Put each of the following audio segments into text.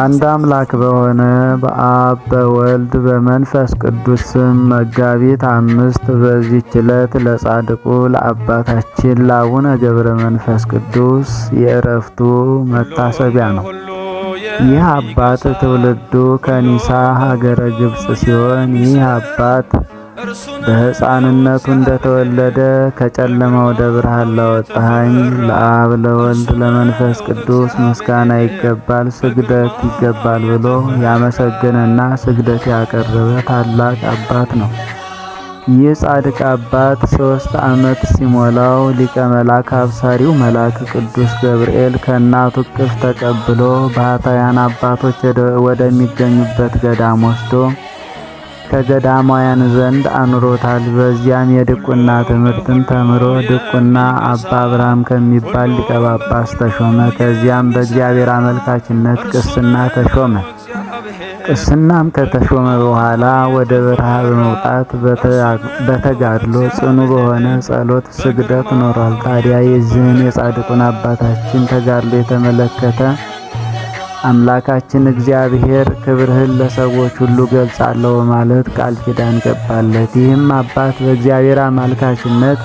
አንድ አምላክ በሆነ በአብ በወልድ በመንፈስ ቅዱስ ስም መጋቢት አምስት በዚህ ዕለት ለጻድቁ ለአባታችን ለአቡነ ገብረ መንፈስ ቅዱስ የእረፍቱ መታሰቢያ ነው። ይህ አባት ትውልዱ ከኒሳ ሀገረ ግብጽ ሲሆን ይህ አባት በሕፃንነቱ እንደተወለደ ከጨለማ ወደ ብርሃን ላወጣኸኝ ለአብ ለወልድ ለመንፈስ ቅዱስ ምስጋና ይገባል፣ ስግደት ይገባል ብሎ ያመሰገነና ስግደት ያቀረበ ታላቅ አባት ነው። ይህ ጻድቅ አባት ሶስት ዓመት ሲሞላው ሊቀ መልአክ አብሳሪው መልአክ ቅዱስ ገብርኤል ከእናቱ ቅፍ ተቀብሎ ባህታውያን አባቶች ወደሚገኙበት ገዳም ወስዶ ከገዳማውያን ዘንድ አኑሮታል። በዚያም የድቁና ትምህርትን ተምሮ ድቁና አባ አብርሃም ከሚባል ሊቀ ጳጳስ ተሾመ። ከዚያም በእግዚአብሔር አመልካችነት ቅስና ተሾመ። ቅስናም ከተሾመ በኋላ ወደ በረሃ በመውጣት በተጋድሎ ጽኑ በሆነ ጸሎት፣ ስግደት ኖሯል። ታዲያ የዚህን የጻድቁን አባታችን ተጋድሎ የተመለከተ አምላካችን እግዚአብሔር ክብርህን ለሰዎች ሁሉ ገልጻለሁ ማለት ቃል ኪዳን ገባለት። ይህም አባት በእግዚአብሔር አማልካችነት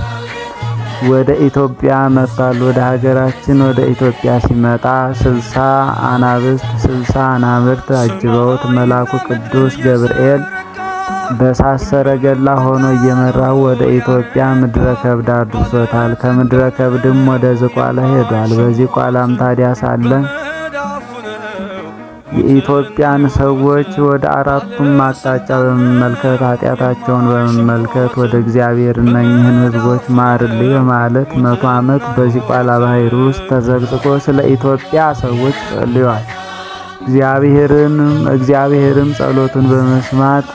ወደ ኢትዮጵያ መጥቷል። ወደ ሀገራችን ወደ ኢትዮጵያ ሲመጣ ስልሳ አናብስት ስልሳ አናብርት አጅበውት መልአኩ ቅዱስ ገብርኤል በሳሰረ ሰረገላ ሆኖ እየመራው ወደ ኢትዮጵያ ምድረ ከብድ አድርሶታል። ከምድረ ከብድም ወደ ዝቋላ ሄዷል። በዚህ ቋላም ታዲያ ሳለን የኢትዮጵያን ሰዎች ወደ አራቱም አቅጣጫ በመመልከት ኃጢአታቸውን በመመልከት ወደ እግዚአብሔር እነኝህን ህዝቦች ማርልኝ በማለት መቶ ዓመት በሲቋላ ባህር ውስጥ ተዘቅዝቆ ስለ ኢትዮጵያ ሰዎች ጸልዮአል። እግዚአብሔርም ጸሎቱን በመስማት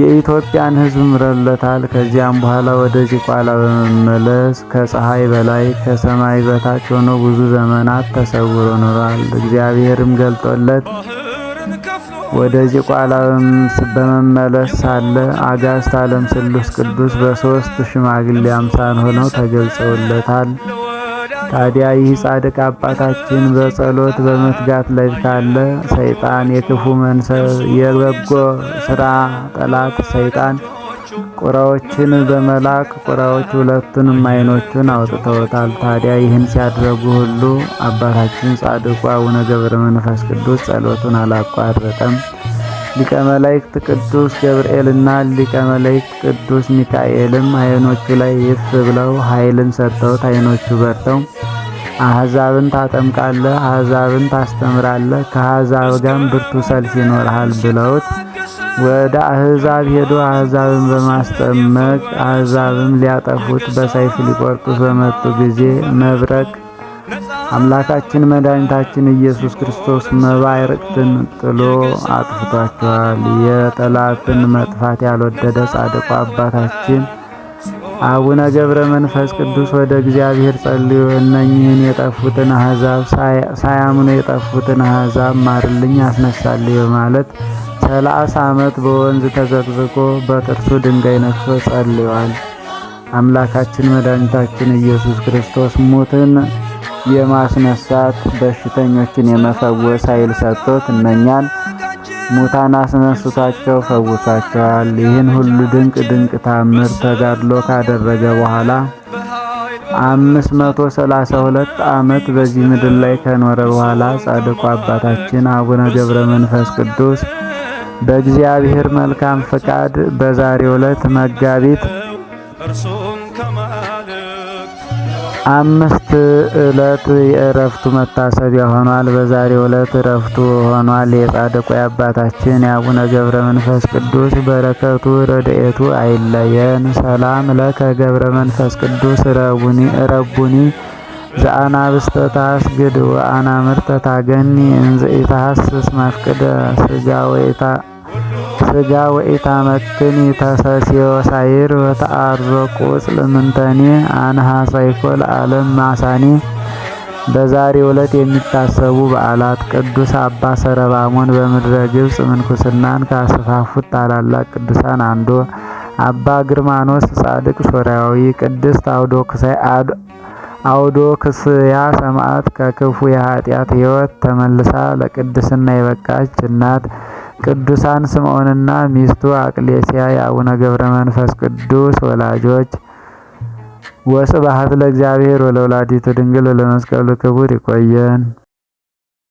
የኢትዮጵያን ሕዝብ ምረለታል። ከዚያም በኋላ ወደ ዝቋላ በመመለስ ከፀሐይ በላይ ከሰማይ በታች ሆኖ ብዙ ዘመናት ተሰውሮ ኖሯል። እግዚአብሔርም ገልጦለት ወደ ዝቋላ በመመለስ ሳለ አጋዕዝተ ዓለም ስሉስ ቅዱስ በሶስት ሽማግሌ አምሳን ሆነው ተገልጸውለታል። ታዲያ ይህ ጻድቅ አባታችን በጸሎት በመትጋት ላይ ካለ ሰይጣን የክፉ መንሰብ የበጎ ስራ ጠላት ሰይጣን ቁራዎችን በመላክ ቁራዎች ሁለቱንም አይኖቹን አውጥተውታል። ታዲያ ይህን ሲያደርጉ ሁሉ አባታችን ጻድቁ አቡነ ገብረ መንፈስ ቅዱስ ጸሎቱን አላቋረጠም። ሊቀ መላእክት ቅዱስ ገብርኤልና ሊቀ መላእክት ቅዱስ ሚካኤልም አይኖቹ ላይ ይፍ ብለው ኃይልን ሰጥተውት አይኖቹ በርተው አህዛብን ታጠምቃለህ፣ አሕዛብን ታስተምራለህ፣ ከአሕዛብ ጋር ብርቱ ሰልፍ ይኖርሃል ብለውት ወደ አህዛብ ሄዶ አሕዛብን በማስጠመቅ አሕዛብም ሊያጠፉት በሰይፍ ሊቆርጡት በመጡ ጊዜ መብረቅ አምላካችን መድኃኒታችን ኢየሱስ ክርስቶስ መባ ጥሎ አጥፍቷቸዋል። የጠላትን መጥፋት ያልወደደ ጻድቁ አባታችን አቡነ ገብረ መንፈስ ቅዱስ ወደ እግዚአብሔር ጸልዩ፣ እነኚህን የጠፉትን አሕዛብ ሳያምኑ የጠፉትን አሕዛብ ማርልኝ አስነሳልኝ በማለት ሰላሳ ዓመት በወንዝ ተዘቅዝቆ በጥርሱ ድንጋይ ነክሶ ጸልዮአል። አምላካችን መድኃኒታችን ኢየሱስ ክርስቶስ ሙትን የማስነሳት በሽተኞችን የመፈወስ ኃይል ሰጥቶት እነኛን ሙታን አስነስቷቸው ፈውሷቸዋል። ይህን ሁሉ ድንቅ ድንቅ ታምር ተጋድሎ ካደረገ በኋላ አምስት መቶ ሰላሳ ሁለት ዓመት በዚህ ምድር ላይ ከኖረ በኋላ ጻድቁ አባታችን አቡነ ገብረ መንፈስ ቅዱስ በእግዚአብሔር መልካም ፈቃድ በዛሬው ዕለት መጋቢት አምስት ዕለት የእረፍቱ መታሰቢያ ሆኗል። በዛሬው ዕለት እረፍቱ ሆኗል። የጻድቁ አባታችን የአቡነ ገብረ መንፈስ ቅዱስ በረከቱ ረድኤቱ አይለየን። ሰላም ለከ ገብረ መንፈስ ቅዱስ ረቡኒ ረቡኒ ዘአናብስተ ታስግድ ወአናምርተ ታገኒ እንዘኢታሐስስ ማፍቅደ ስጋ ወይታ መፍረጃ ወኢታመክን ተሰሲዮሳይር ወተአሮ ቁስል ምንተኔ አንሃ ሳይኮል ዓለም ማሳኔ በዛሬ ዕለት የሚታሰቡ በዓላት ቅዱስ አባ ሰረባሞን በምድረ ግብፅ ምንኩስናን ካስፋፉት ታላላቅ ቅዱሳን አንዱ፣ አባ ግርማኖስ ጻድቅ ሶርያዊ፣ ቅድስት አውዶክስያ ሰማዕት ከክፉ የኃጢአት ሕይወት ተመልሳ ለቅድስና የበቃች እናት ቅዱሳን ስምዖንና ሚስቱ አቅሌስያ የአቡነ ገብረ መንፈስ ቅዱስ ወላጆች። ወስብሐት ለእግዚአብሔር ወለወላዲቱ ድንግል ወለመስቀሉ ክቡር። ይቆየን።